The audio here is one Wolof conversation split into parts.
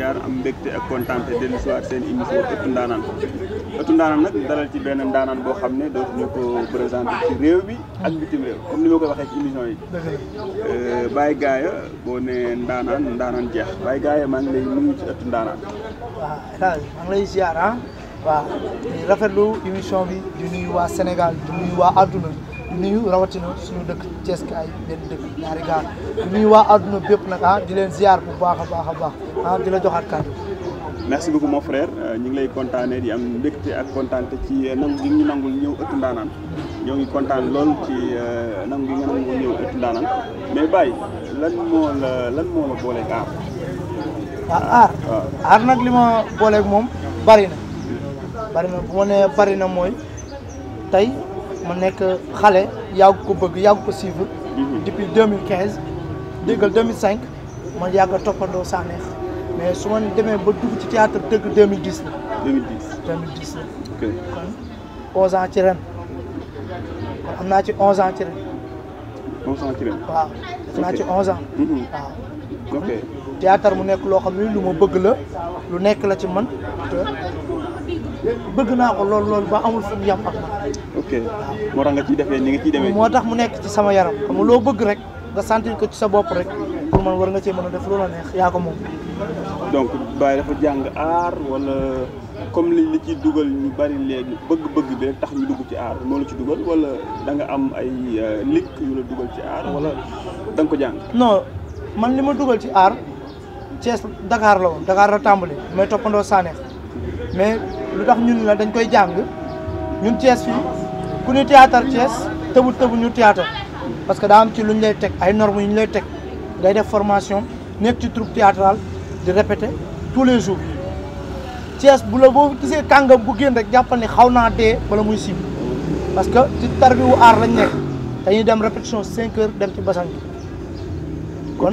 ziar am mbégte ak kontaante dellu si waat seen émission ëttu ndaanaan ëttu ndaanaan nag dalal ci benn ndaanaan boo xam ne dootuñu ko présenté ci réew bi ak bitim réew comme ni ma ko waxee ci émission yi. Euh, Baye Gaye boo nee ndaanaan ndaanaan jeex Baye Gaye maa ngi lay nuyu ci ëttu ndaanaan. waaw El Hadj maa ngi lay ziar ah waaw rafetlu bi di nuyu waa Sénégal di nuyu waa adduna bi. nuyu rawatina suñu dëkk Thiès ay benn dëkk ñaari gaar nuyu waa àdduna bépp nag ah di leen ziar bu baax a baax a baax ah di la joxaat kàddu merci beaucoup mon frère euh, ñu ngi lay kontaanee di am mbégte ak kontaante ci euh, nangu gi ñu nangul ñëw ëtt ndaanaan ñoo ngi kontaan lool ci euh, nangu gi nga nangu ñëw ëtt ndaanaan mais Baye lan moo la lan moo la booleeg aar. ah aar ah, ah. aar nag li ma booleeg moom bari na. bari na mooy tey. ma nekk xale yàgg ko bëgg yàgg ko suivre. Mhm. depuis 2015 déggal ma yàgg a toppandoo Sanekh mais su ma demee ba dugg ci théâtre dëgg 2010 la. ans ci ren am naa ci 11 ans ci ren. 11 naa ci 11 ans. Mhm. waaw. mu nekk loo xam ne lu ma bëgg la lu nekk la ci man. bëgg naa ko lool loolu ba amul fu mu yem ok moo tax nga ciy defee ni nga ciy demee. moo tax mu nekk ci sama yaram xam loo bëgg rek nga sentir ko ci sa bopp rek pour man war nga cee mën a def loola neex yaa ko moom. donc Baye dafa jàng aar wala comme li li ci dugal ñu bari léegi bëgg-bëgg bi rek tax ñu dugg ci aar moo la ci dugal walla danga am ay euh, ligg yu la dugal ci aar wala da ko jàng. non man li ma dugal ci aar Thiès Dakar la woon Dakar la tàmbali mais toppandoo Sanex mais. lu tax ñun la dañ koy jàng ñun Thiès fii ku ñu théâtre Thiès tëbu tëbu ñu théâtre parce que daa am ci lu ñu lay teg ay normes yu ñu lay teg ngay def formation nekk ci troupe théâtrale di répéter tous les jours Thiès bu la boo gisee kàngam bu génn rek jàppal ni xaw naa dee bala muy sib parce que ci tarbi wu aar lañ nekk dañuy dem répétition cinq heures dem ci basan bi kon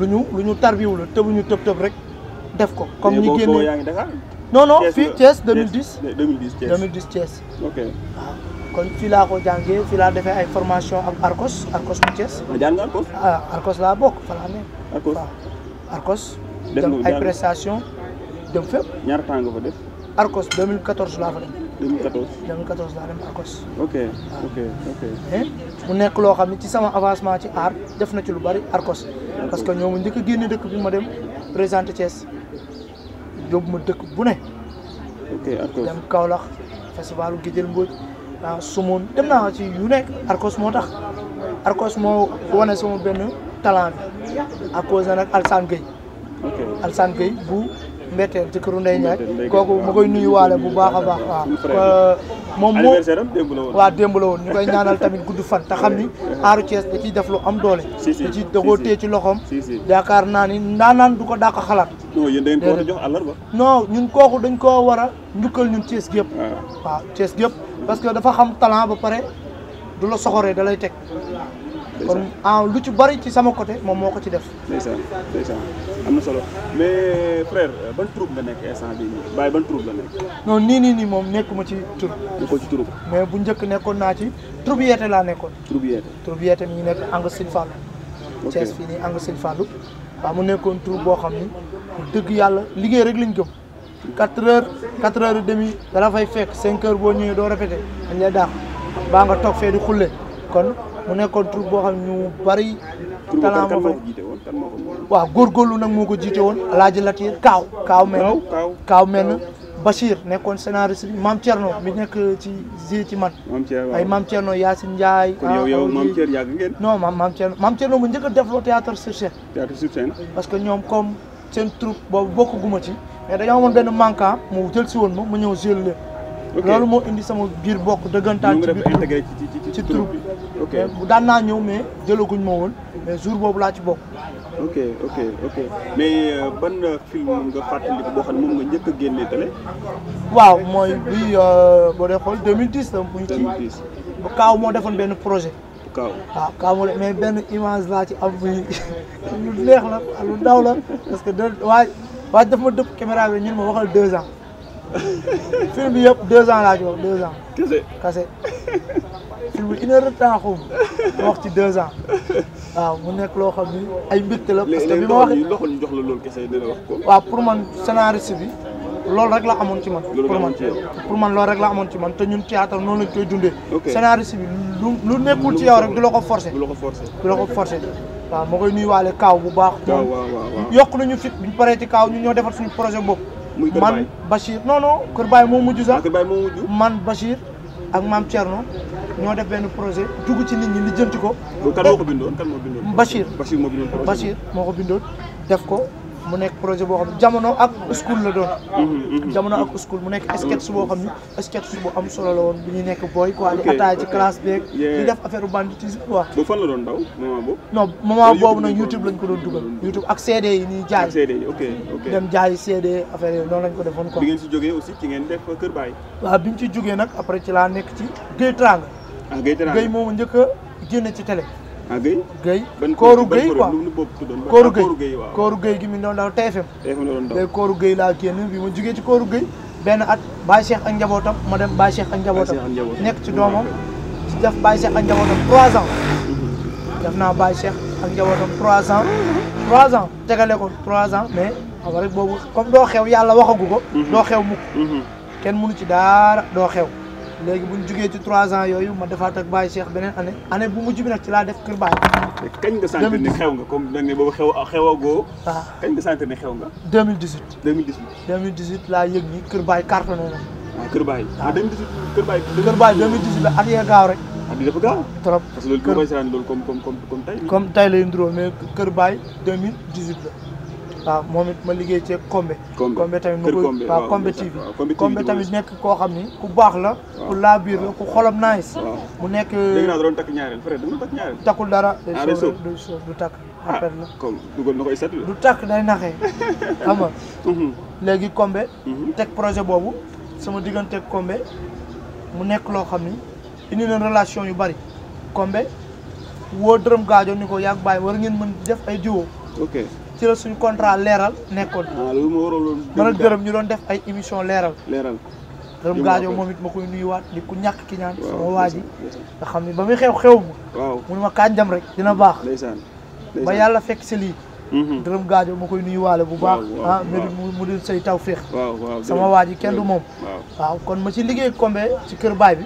lu ñu lu ñu tarbiwu la ñu tëb tëb rek def ko comme ñi génne non non fii euh, Thiès 2010. 2010 Thiès 2010 Thiès. waaw ah, kon fii laa ko jàngee fii laa defee ay formation ak Arcos Arcos bu Thiès. ah jàng ah, Arcos. laa bokk fa laa ne. Arcos waaw Arcos. def ay prestation dem fépp. ñaar temps nga fa def. Arcos 2014 laa fa dem. Arcos. ok eh? mu nekk loo xam ne ci sama avancement ci art def na ci lu bari Arcos. parce que ñoomu njëkk génne dëkk bi ma dem présenté Thiès. yóbbu ma dëkk bu ne. ok Arcos dem Kaolack festivalu Gijel Mbodj ah Sumoon dem naa ci yu nekk Arcos moo tax Arcos moo wane suma benn talent bi à nag Alsane Gueye. ok Alsane bu. mbetteel ci këru Ndeye kooku ma koy nuyuwaale bu baax a baax waaw moom moo waaw démb la woon ñu koy ñaanal tamit gudd fan te xam ni aaru Thiès da ciy def lu am doole da ci da koo ci loxoom yaakaar naa ni ndaanaan du ko dàq xalaat non ñun kooku dañ koo war a njukkal ñun Thiès gépp ah. waaw gépp parce que dafa xam talent ba pare du la soxoree da lay teg kon en lu ci bari ci sama côté moom moo ko ci def. solo mais frère ban troupe nga nekk instant bii nii ban troupe la nii nii nii moom nekkuma ci troupe. nekkoo ci troupe. mais bu njëkk nekkoon naa ci troupe yeete laa nekkoon. troupe yeete troupe mi ngi nekk Angle Sine Fallou. fii nii Angle Sine Fallou. waaw mu nekkoon troupe boo xam ni dëgg yàlla liggéey rek lañ gëm. quatre heures quatre heures et demie dala fay fekk cinq heures boo ñëwee doo répété dañ lay daax baa nga toog fee di xulle kon. mu nekkoon troupe boo xam ñu bari talent ma fa waaw góorgóorlu nag moo ko jiite woon alaaji Latir Kaaw Kaaw menn Kaaw menn Bachir nekkoon scénariste bi Mame Thierno mi nekk ci zi ci man ay Mame Thierno Yacine Ndiaye kon yow ah, yow Mame Thierno yàgg ngeen non Mame Mame Thierno mu njëkk def développé théâtre sur scène théâtre sur scène parce que ñoom comme seen troupe boobu bokk guma ci mais dañoo amoon benn manquant mu jël si woon ma mu ñëw jël leen loolu moo indi sama biir bokk dëggantaan ci biir intégré ci troupe bi bu euh, daan naa ñëw mais jëlaguñ ma woon mais jour boobu laa ci bokk ok ok ok mais euh, ban euh, film nga fàttaliku boo xam ne moom nga njëkk a génne télé waaw mooy bi boo dee xool 2010 la bu ñu ci kaaw moo defoon benn projet kaaw waaw kaaw mais benn image laa ci am muy lu neex la lu daw la parce que de waaye waaye daf ma dëpp caméra bi ñun ma waxal deux ans film bi yëpp deux ans laa ci wax deux ans. kese film bi une heure de temps wax ci deux ans. waaw mu nekk loo xam ni ay mbégte la. parce que bi ma waxee ñu jox la loolu kese dina wax ko. waaw pour man scénariste bi loolu rek la amoon ci man. pour man pour man loolu rek la amoon ci man te ñun théâtre noonu lañ koy dundee. scénariste bi lu lu nekkul ci yow rek du la ko forcer. du la ko forcer du la ko forcer. waaw ma koy nuyuwaale kaaw bu baax. waaw waaw waaw yokk nañu fit ñu paree ci kaaw ñu ñoo defal suñu projet bopp. muy Kër Baye man Bachir non non Kër Baye moo mujj sax. Kër moo mujj man Bachir ak maam Thierno ñoo def benn projet dugg ci nit ñi lijjanti ko. kan moo ko bindoon kan moo bindoon. Bachir Bachir moo bindoon projet Bachir moo ko bindoon def ko. mu nekk projet boo xam ne jamono ak school la doon. Mhm, mhm. jamono ak school mu nekk sketch boo xam ne sketch bu am solo la woon bu nekk booy quoi di attaay ci def affaire banditisme quoi. ba fan la doon daw moment boobu. non moment lañ ko doon dugal. Mm. YouTube ak CD yi ñuy jaay. CD jaay CD affaire yooyu lañ ko defoon quoi. bi ngeen si jógee aussi ci ngeen def Kër Baay. waaw bi ñu jógee nag après ci laa nekk ci Gueye Trang. ah Gueye Trang njëkk a génne ci télé. ah Guèye. Guèye kóoru Guèye quoi kóoru Guèye kóoru Guèye gi mi doon daw TFM. TFM la doon daw léegi laa génn bi ma jugee ci kóoru Guèye benn at Baye Cheikh ak njabootam ma dem Baye Cheikh ak njabootam nekk ci doomam ci def Baye ak njabootam 3 ans. Mm-hmm. def naa Baye Cheikh ak njabootam 3 ans 3 ans tegale ko 3 ans mais xam rek boobu comme doo xew yàlla waxagu ko. Mm-hmm. doo xew mukk mm-hmm. kenn mënu ci daara doo xew. léegi bu ñu jugee ci trois ans yooyu ma defaat ak Baye Cheikh beneen année année bu mujj bi nag ci laa def kër Baye. kañ nga sentir ne xew nga comme dañ ne boobu xew xewagoo. waaw ah. kañ laa yëg ni kër Baye cartonné na. waaw ah, kër Baye ah 2018 ah, kër Baye. kër Baye 2018 la at yee gaaw rek. at yii dafa gaaw trop. loolu kër Baye si loolu comme comme comme comme tey. comme tey lay nduróo mais kër Baye la. waaw moom it ma liggéey ci Kombe Kombe tamit ma koy waaw Kombe TV Kombe tamit nekk koo xam ni ku baax la ku laa biir la ku xolam nice mu nekk dégg naa ñaareel frère dama takk ñaareel takkul dara ah, day soob du takk ah, affaire la comme dugal na koy set du takk day naxee xam nga mhm. léegi Kombe mhm. teg projet boobu sama diggante Kombe mu nekk loo xam ni indi na relation yu bari Kombe woo dërëm gaajo ni ko yàgg bàyyi war ngeen mën def ay jiwoo ci la suñu contrat leeral nekkoon. waaw ah, loolu a gërëm ñu doon def ay émission leeral. leeral gërëm gaajo moom it ma koy nuyuwaat di ku ñàkk ki ñaan. sama waa ji xam ne ba muy xew xew ma. waaw mu ma kañ rek dina baax. ba yàlla fekk si lii. dërëm mhm. gaajo ma koy nuyuwaale bu baax. ah mu di say taw féex. sama waaj kenn du moom. waaw kon ma ci liggéey Kombe ci kër baay bi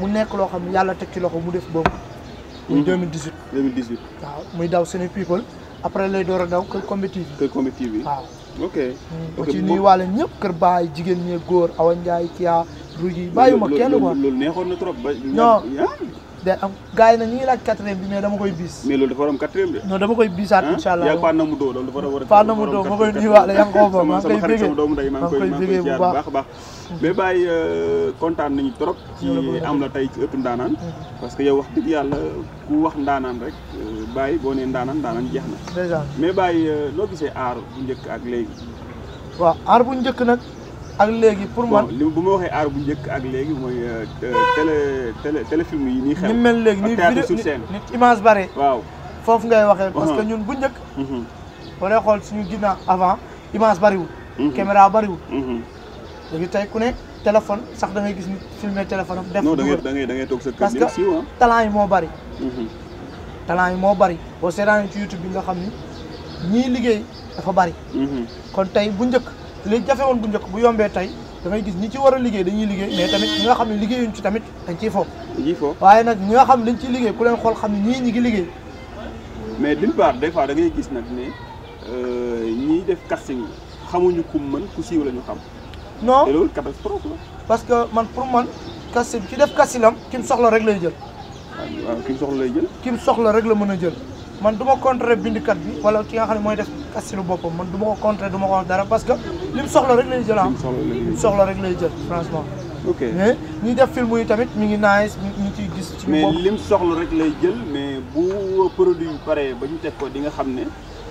mu nekk loo xam ne yàlla teg ci loxo mu def boobu. muy 2018. Mhm. 2018 waaw daw seen people après lay door a daw kër Combi TV kër Combi TV waaw ok mm. ok ci nuyu wàlla ñëpp kër baay jigéen ñi góor Awa Ndiaye Kia Ruji bàyyi ma kenn quoi loolu neexoon na trop ba non day am gars yi na ñu ngi laaj quatrième bi mais dama koy bis mais loolu dafa war am quatrième de non dama koy bisaat incha allah yaa na a na mu doo ma koy nuyuwaale yaa ngi ko fa maa koy bëggee bu baax baax mais Baye euh, mm-hmm. wax dëgg yàlla ku wax ndaanaan rek euh, Baye boo nee ndaanaan ndaanaan jeex na mais Baye euh, noo gisee aar bu njëkk ak léegi waaw aar bu njëkk nag ak léegi pour man li bu ma waxee aar bu njëkk ak léegi mooy euh, télé télé téléfilm yi nii xew. ni mel léegi nii vidéo ni image bare. waaw foofu ngay waxee. parce que uh-huh. ñun bu njëkk. Uh-huh. boo dee xool suñu ginnaaw avant image bariwul. Uh-huh. caméra bariwul. léegi tey ku ne téléphone sax da ngay gis ni filmer téléphone am. def non da ngay da ngay toog sa kër parce que talent moo bari. talent yi moo bari boo seetaanee ci YouTube bi nga xam ni ñii liggéey dafa bari. kon tey bu njëkk. li jafe bu njëkk bu yombee tey da ngay gis ñi ci war a liggéey dañuy liggéey mais tamit ñi nga xam ne liggéeyuñ ci tamit dañ ciy foofu dañuy foofu waaye nag ñi nga xam ne dañ ciy liggéey ku leen xool xam ne ñii ñi ngi liggéey mais d'une part des fois da ngay gis nag ne euh, ñiy def casting yi xamuñu ku mën ku siiw lañu xam non te parce que man pour man casting ci def casting am kim soxla rek lay jël ah, waaw kim soxla lay jël kim soxla rek la mën a jël man du ma contrer bindkat bi wala ki nga xam ne mooy def kastilu boppam man du ma ko contrer du ko dara parce que li soxla rek lay jël ah. li mu soxla rek lay jël franchement. ok mais ñi def film yi tamit mi ngi nice ñu ciy gis. ci mais lim soxla rek lay jël mais bu produit bi paree ba ñu teg ko di nga xam ne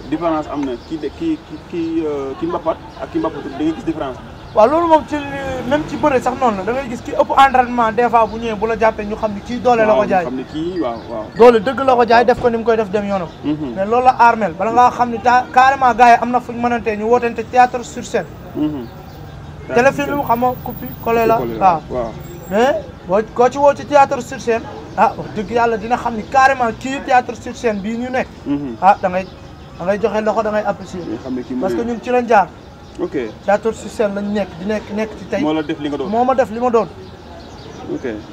différence am na ki ki ki euh, ki mbapat ak ki mbapatul di nga gis différence bi. waaw loolu moom ci même ci bëre sax noonu la da ngay gis ki ëpp entraînement des fois bu ñëwee bu la jàppee ñu xam ni kii doole la ko jaay xam ni kii doole dëgg la ko jaay def ko ni mu koy def dem yoonam mhm. mais loolu la armel bala ngaa xam ni ta carrément gars yi am na fuñ mënantee ñu wootante théâtre sur scène mhm. téléfilm xam nga copie collé la waaw mais boo koo ci woo ci théâtre sur scène ah, dëgg yàlla dina xam ni carrément kii théâtre sur bii ñu nekk mhm. ah da ngay da ngay joxe loxo da ngay apprécier parce que ñun ci lañ jaar ok théâtre sur scène nekk di nekk nekk ci tey. moo la def li nga doon moo ma def li ma doon.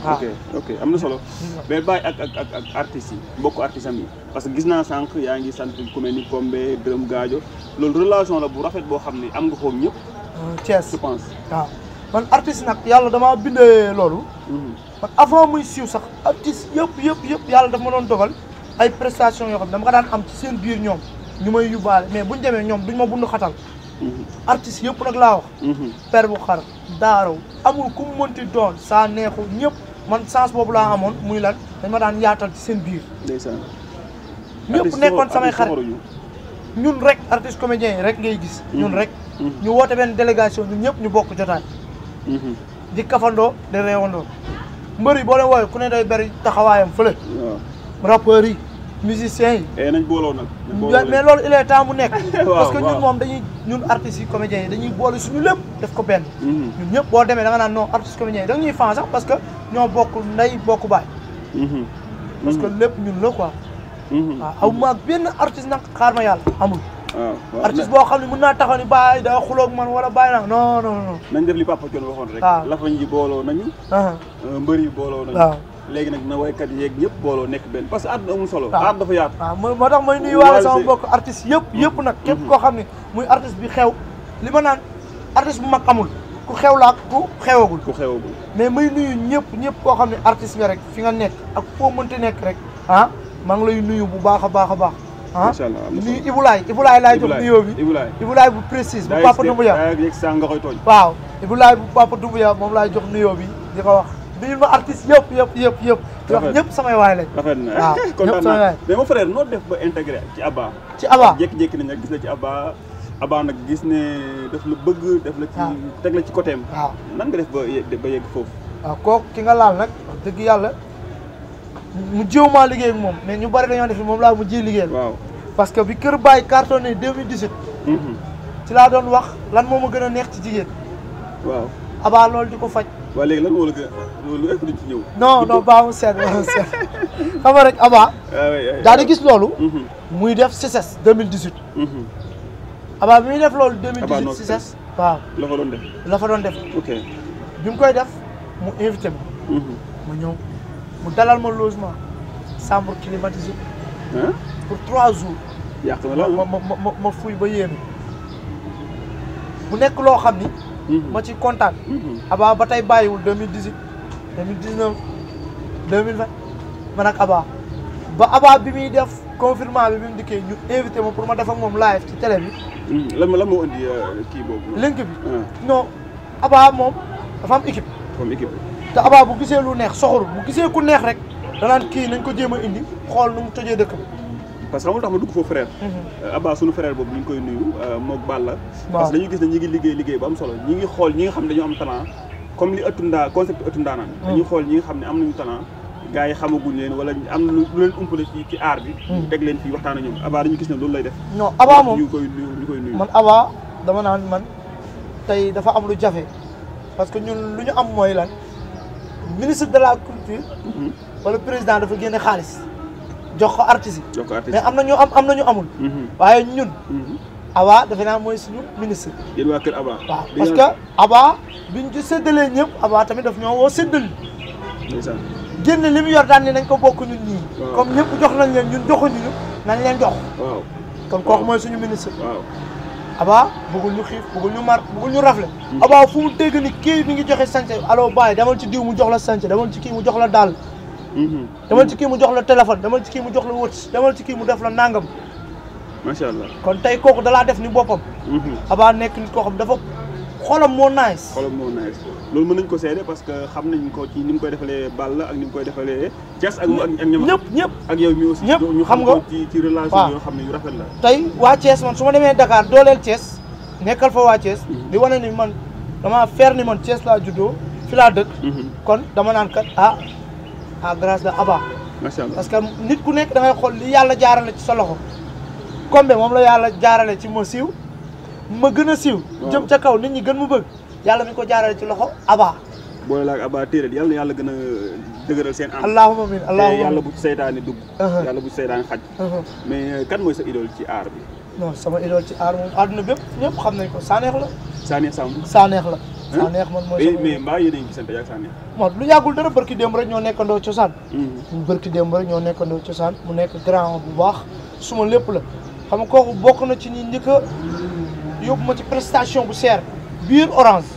Ah. ok ok am na solo. mais bàyyi ak ak ak ak artistes yi mbokku artistes am yi parce que gis naa sànq yaa ngi sant ku mel ni Kombe Birame Gaajo loolu relation la bu rafet boo xam ne am nga ko ñëpp. Euh, Thiès je waaw. Ah. man artiste nag yàlla damaa bindee loolu. Mhm. man avant muy siiw sax artiste yëpp yëpp yëpp yàlla daf ma doon dogal ay prestations yoo xam ne dama nga daan am ci seen biir ñoom ñu may yóbbaale mais buñ demee ñoom duñ ma bund xatal. Mhm. artiste yëpp nag laa wax. Mhm. per bu xar daaraw amul ku mënti doon saa neexu ñëpp man chance boobu laa amoon muy lan dañ ma daan yaatal ci seen biir. ndeysaan ñëpp nekkoon samay xarit ñun rek artiste comédien yi rek ngay gis. Mhm. ñun rek. ñu woote benn délégation ñun ñëpp ñu bokk jotaay. di kafandoo di reewandoo mbër yi boo leen wooyee ku ne day bari taxawaayam fële. rappeurs musiciens yi. Eh, nañ booloo nag. mais loolu il est nekk. parce que ñun moom dañuy ñun artistes yi comédiens yi dañuy boole suñu lépp def ko benn. Mhm. ñun ñëpp boo demee da nga naan non artistes comédiens yi da ñuy fan sax parce que ñoo bokk nday bokk baay. Mhm. parce que mhm. lépp ñun la quoi. a ah, aw ma benn artiste nag xaar ma yàlla amul. Ah, artiste boo xam ne mën naa taxaw ni bàyyi daa xuloog man wala bàyyi naa non non non. nañ def li Papa Thione waxoon rek. waaw ah. lafañ ji booloo nañu. Euh, mbër léegi nag na waykat yeeg ñëpp booloo nekk benn parce que àdduna amul solo aar dafa yaatu waaw moo tax may nuyu waale sama mbokk artiste yëpp yëpp nag képp koo xam ne muy artiste bi xew li ma naan artiste bu mag amul ku xew laa ku xewagul ku xewagul mais may nuyu ñëpp ñëpp koo xam ne artiste nga rek fi nga nekk ak foo mënti nekk rek ah maa ngi lay nuyu bu baax a baax a baax ah nuyu Ibulaay Ibulaay laay jox nuyoo bi Ibulaay bu précise bu Papa Doumbouya waaw Ibulaay bu Papa Doumbouya moom laay jox nuyoo bi di wax lu ma artiste yëpp yëpp yëpp yëpp. rafet ñëpp samay waay lañ. rafet na waaw kontaan naa mais mon frère noo def ba intégré ci Abba. ci Abba jékki-jékki nañ la gis la ci Abba. Abba nag gis ne def la bëgg def la ci. teg la ci côté am. waaw nan nga def ba ba yegg foofu. waaw kooku ki nga laal nag dëgg yàlla mu jiw maa liggéey moom mais ñu bari dañoo def moom laa mu jiw liggéey waaw parce que bi Kër Baye cartonné 2018. Mhm. ci laa doon wax lan moo ma gën a neex ci jigéen. waaw Abba loolu di ko faj. waaye léegi lan moo la gën loolu est-ce que duñ ci ñëw. non non rek Aba. Ah, ah, daa di gis loolu. Mhm. muy def CICES 2018. Aba bi muy def loolu 2018 CICES. waaw la fa doon def. la fa doon def. ok bi mu koy def mu invité ma. ma mhm. ñëw mu dalal ma logement chambre climatisée. pour trois jours. yàq na la ma ma ma ma ba yéeme. mu nekk loo xam ni. Mm-hmm. ma ci kontaan. Mm-hmm. Abba ba tey bàyyiwul deux mille dix huit dis mille dix neuf deux mille vingt man ak Abba ba Abba bi muy def confinement bi bi mu dikkee ñu invité ma pour ma def moom live ci télé bi. Mm-hmm. lan lan moo indi euh, kii boobu. link bi ah. non Abba moom dafa am équipe. comme équipe te Abba bu gisee lu neex soxorul bu gisee ku neex rek danaa kii nañ ko jéem a indi xool nu mu tojee dëkk bi. parce que xamul tax ma dugg foofu frère mhm. euh, Abba suñu frère boobu ñu ngi koy nuyu euh, moog Balla parce que dañu gis ne ñi ngi liggéey liggéey bu am solo ñi ngi xool ñi nga xam ne dañoo am talent comme li ëttu ndaa concept ëttu ndaanaan mhm. xool ñi nga xam ne am nañu talent gars yi xamaguñ leen wala am na lu leen umpale ci ci aar bi mhm. teg leen fii waxtaan ak ñoom Abba dañu gis ne loolu lay def non Abba moom ñu koy nuyu man Abba dama naan man tey dafa am lu jafe parce que ñun lu ñu am mooy lan ministre de la culture wala président dafa jox ko artiste yi. jox am na ñu am am amul. Mhm. waaye ñun. Mhm. Aba defe naa mooy suñu ministre. yéen waa kër Aba. waaw parce que Aba biñ ci séddalee ñëpp Aba tamit daf ñoo woo séddal. ndeysaan génn li mu yor ne nañ ko bokkuñu ñun ñii. comme ñëpp jox nañ leen ñun joxuñu ñu nañ leen jox. waaw kon kooku mooy suñu ministre. waaw Aba bëggul ñu xiif bëggul ñu mar bëggul ñu rafle. Mhm. Aba fu mu dégg ni kii mi ngi joxe sànce allo baay demal ci diw mu jox la sànce demal ci kii mu jox la daal. Mm-hmm. dama ci kii mu jox la téléphone dama ci kii mu jox la wëts demal ci kii mu def la nangam. macha allah kon tey kooku dalaa def ni boppam. Mm-hmm. abaa nekk nit koo xam dafa xolam moo nice. xolam moo nice loolu mën nañ ko seede parce que xam nañ ko ci ni mu koy defalee Balla ak ni mu koy defalee. Thiès ak ñëpp ñëpp ñëpp. ak yow mi aussi ñu xam nga ci ci relation yoo xam ne yu rafet la. tey waa Thiès man su ma demee dakaar dooleel Thiès nekkal fa waa Thiès. Mm-hmm. di wane ni man dama feer ni man Thiès laa juddoo fi laa dëkk. kon dama naan kat ah. à grâce de Abba. parce que nit ku nekk da xool li yàlla jaarale ci sa loxo. Combé moom la yàlla jaarale ci ma siiw ma gën a siiw. jëm ca kaw nit ñi gën mu bëgg. yàlla mi ko jaarale ci loxo Abba. boole la ak Abba téere yàlla na yàlla gën a dëgëral seen am. allahumma amiin allahumma yàlla bu seytaane dugg. Uh-huh. yàlla bu seytaane xaj. Uh-huh. mais euh, kan mooy sa idole ci aar bi. sama idole ci aar moom àdduna bépp ñëpp xam nañ ko Sanex la. Sanex Samb Sanex la. saa neex man moo mais mais mbaa yéen a ngi gisante yaa saa neex. bon lu yàggul dara barki démb ñoo nekkandoo cosaan. Hmm. barki démb rek ñoo nekkandoo cosaan mu nekk grand bu baax suma lépp la xam nga kooku bokk na ci ñi njëkk a yóbbu ma ci prestation bu seer biir orange.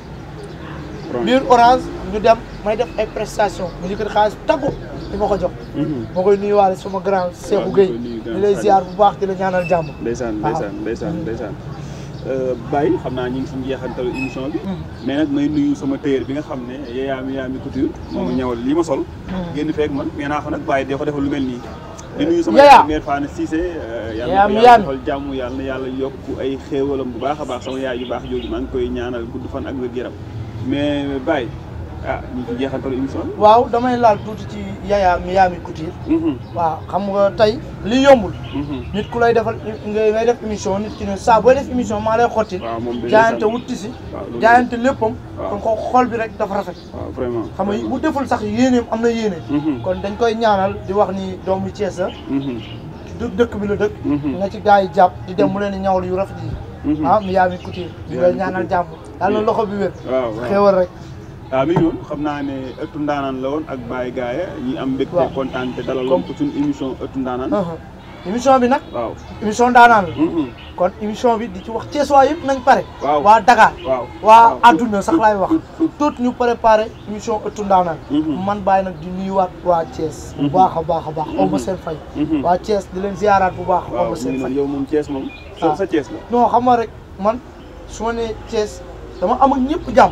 biir orange ñu dem may def ay prestation mu yëkkati xaalis taggu di ma ko jox. Hmm. ma koy nuyuwaale suma grand Cheikhou Gueye di lay ziar bu baax di la ñaanal jàmm. Euh, Baye xam naa ñu ngi suñu jeexantalu émission bi. Hmm. mais nag may nuyu sama tailleur bi nga xam ne yaa mi yaa couture. moom hmm. ñawal li ma sol. Hmm. génn feeg man mais naa fa nag Baye dee ko def lu mel nii. di nuyu sama mère Fane Cissé. Euh, yàlla na yàlla defal yàlla yàlla yokk ay xéewalam bu baax a baax sama yaay yu baax jooju maa ngi koy ñaanal gudd fan ak wér-gu-yaram mais Baye. ah ñu ci jeexantal émission bi. waaw damay laal tuuti ci Yaya Miami Couture. Mm-hmm. waaw xam nga tey li yombul. Mm-hmm. nit ku lay defal ngay def émission nit ki ne saa booy def émission maa lay xotti. waaw moom jaayante wutti si. jaayante léppam. kon ko xool bi rek dafa rafet. waaw vraiment xam nga bu deful sax yéeneem am na yéene. Mm-hmm. kon dañ koy ñaanal di wax ni doomu Thiès la. du dëkk bi la dëkk. nga ci gars yi jàpp di dem mu leen di yu rafet yi. ah Miami Couture. di la ñaanal jàmm. daal na loxo bi wér. waaw rek. waaw ah, mi xam naa ne ëttu ndaanaan la woon ak Baye Gaye ñi am mbégte kontaan te dalaloon ko suñu émission ëttu ndaanaan uh-huh. émission bi nag waaw émission ndaanaan la mm-hmm. kon émission bi di ci wax Cees waa yëpp nañ pare waa Dakar waaw waa adduna sax laay wax mm-hmm. tout ñu préparé émission ëttu ndaanaan mm-hmm. man Baye nag di waat waa Cees bu baax a baax a baax aw ma seen fay waa Cees di leen ziaraat bu baax aw ma seen fay yow moom Cees moom ah. sa Cees la non xam nga rek man su ma nee Cees am ak ñëpp jàmm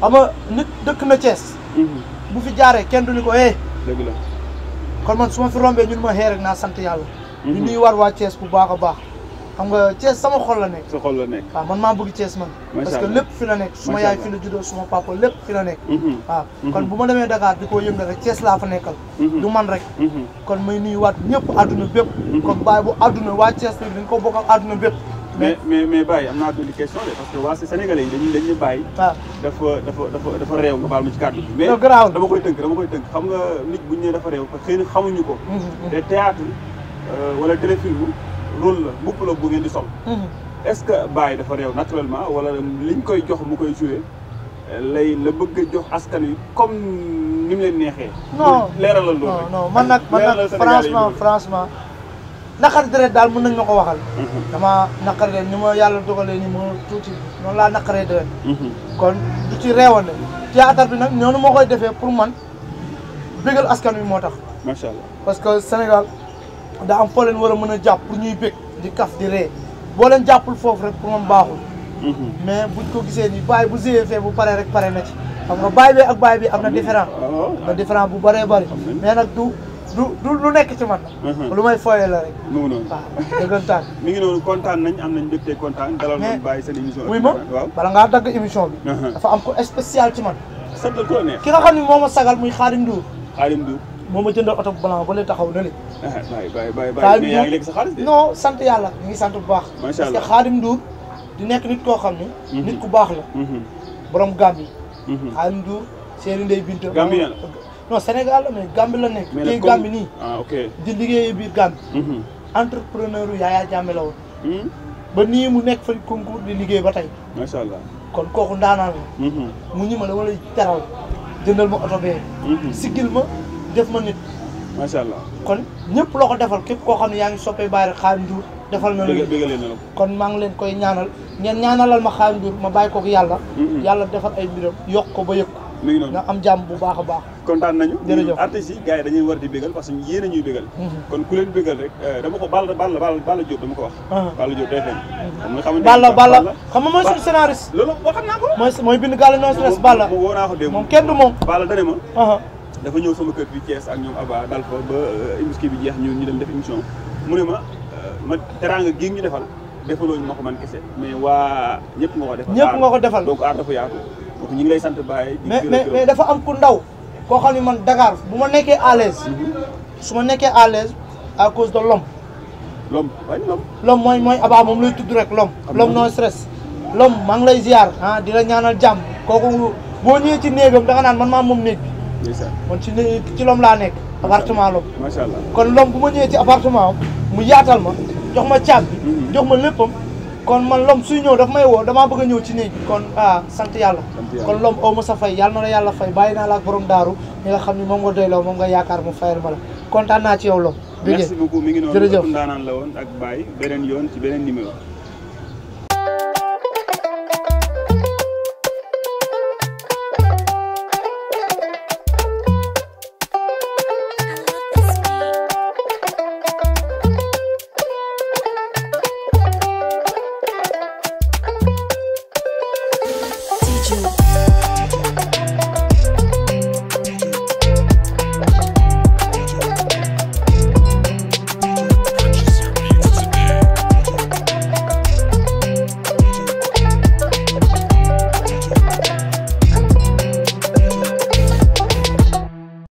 xam nga nit dëkk na cees mhm. bu fi jaaree kenn du ni ko eh. dëgg la kon man su ma fi rombee ñun ma xëy rek naa sant yàlla. ñu nuy war waa cees bu baax a baax. xam nga Thiès sama xol la nekk. sa xol la nekk waaw man maa bëgg Thiès man. parce que lépp fi la nekk. suma yaay fi la juddoo suma papa lépp fi la nekk. Mhm. waaw mhm. kon bu ma demee dakaar di ko yëngal rek cees laa fa nekkal. du man rek. kon may waat ñëpp àdduna bépp. kon bàyyi bu àdduna waa Thiès dañ ko bokkal àdduna bépp. mais mais mais Baye am naa tuuti question de parce que waa Sénégalais yi dañuy dañuy bàyyi. waaw dafa dafa dafa dafa réew nga baal ma ci kàddu bi. mais koy tënk xam nga nit bu ñu nee dafa réew xëy na xamuñu ko. Mm-hmm, mm-hmm. te théâtre euh, wala téléfilm rôle la mbubb la bu ngeen di sol. Mm-hmm. est-ce que Baye dafa réew naturellement wala liñ koy jox mu koy joué lay la bëgg a jox askan wi comme ni mu leen neexee. non la loolu non non man nag man nag franchement franchement. naqari deret daal mun nañ ma ko waxal. Mhm. dama naqari deret ni ma yàlla dogalee ni ma tuuti noon laa naqaree deret. Mhm. kon du ci reewande théâtre bi nag noonu moo koy defee pour man bégal askan wi moo tax. macha parce que Sénégal daa am foo leen war a mën a jàpp pour ñuy bég di kaf di ree boo leen jàppul foofu rek pour man baaxul. Mhm. mais bu ko gisee nii bàyyi bu géeyee fee bu pare rek pare na ci. xam nga bàyyi ak bàyyi bi am na oh, différent. bu bëree bëri mais nag du. lu lu nekk ci man. Mhm. lu may fooyee la rek. mu ngi noonu waaw dëggantaan. kontaan nañ am nañ mbégte kontaan. dalal nañ bàyyi seen émission. wuy ma bala ngaa dagg émission bi. Mhm. dafa am ko spécial ci man. sagal oto ba lay taxaw na leen. Eh, bàyyi bàyyi bàyyi bàyyi mais yaa ngi sa xaalis de. non sant yàlla ñu ngi sant bu baax. macha allah parce di nekk nit koo xam ne. Mhm. nit ku baax la. borom Gambie. Xaadim Ndour Serigne Ndeye Binta. Gambien la non Sénégal la mais Gambie la nekk. mais Gambie nii. ah ok di liggéeyee biir Gambie. Mhm. entrepreneur yu Yaya Jammeh la woon. Hmm? ba nii mu nekk fa concours di liggéey ba tey. macha allah kon kooku ndaanaan la. Mhm. mu ñu ma la wala teral jëndal ma oto bee. Mhm. siggil ma def ma nit. macha kon ñëpp loo ko defal képp koo xam ne yaa ngi soppee bàyyi rek xaar njuur defal na la kon maa ngi leen koy ñaanal ngeen ñaanalal ma xaar njuur ma bàyyi kook yàlla. yàlla defal ay mbiram yokk ko ba yëg mi ngi noonu nga am jàmm bu baax a baax kontaan nañu jërëjëf artistes yi gars yi dañuy war di bégal parce que yéen a ñuy bégal mhm. kon ku leen bégal rek euh, dama ko Balla Balla Balla Diop dama ko wax ah. Balla Diop TFM xam nga xam Balla Balla xam nga mooy suñu scénariste loolu wax xam naa ko mooy mooy bind gàll non stress Balla woo naa ko démb moom kenn du moom Balla dane ma ah. dafa ñëw sama kër bi Thiès ak ñoom Aba dal fa ba émission euh, bi jeex ñu ñu dem def émission mu ne ma euh, ma teraanga gi ñu defal defaloo ñu ma ko man kese mais waa ñëpp nga ko defal ñëpp nga ko defal donc aar dafa yaatu ñu ngi lay sant Baye. mais mais dafa am ku ndaw. koo xam ne man Dakar bu ma nekkee à l'aise su ma nekkee à l'aise à cause de l'homme l'homme wañ l'homme mooy mooy abaa moom lay tudd rek l'homme l'homme non stress l'homme maa ngi lay ziar ah di la ñaanal jàmm kooku boo ñëwee ci néegam da nga naan man maa moom néeg bi kon ci néeg ci l'homme laa nekk appartement l'homme macha kon l'homme bu ma ñëwee ci apartement mu yaatal ma jox ma caab bi mm-hmm. jox ma léppam kon man lom suy ñëw dafa may woo damaa bëgg a ñëw ci néeg bi kon ah sant yàlla kon lom aw ma sa fay yàlla na la yàlla fay bàyyi naa la ak borom daaru ñi nga xam ne moom nga doy law moom nga yaakaar mu fayal ma la kontaan naa ci yow lom merci beaucoup mi ngi noonu jërëjëf ndaanaan la woon ak Baye beneen yoon ci beneen numéro